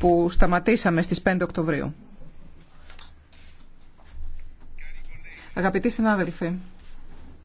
που σταματήσαμε στις 5 Οκτωβρίου. Αγαπητοί συνάδελφοι,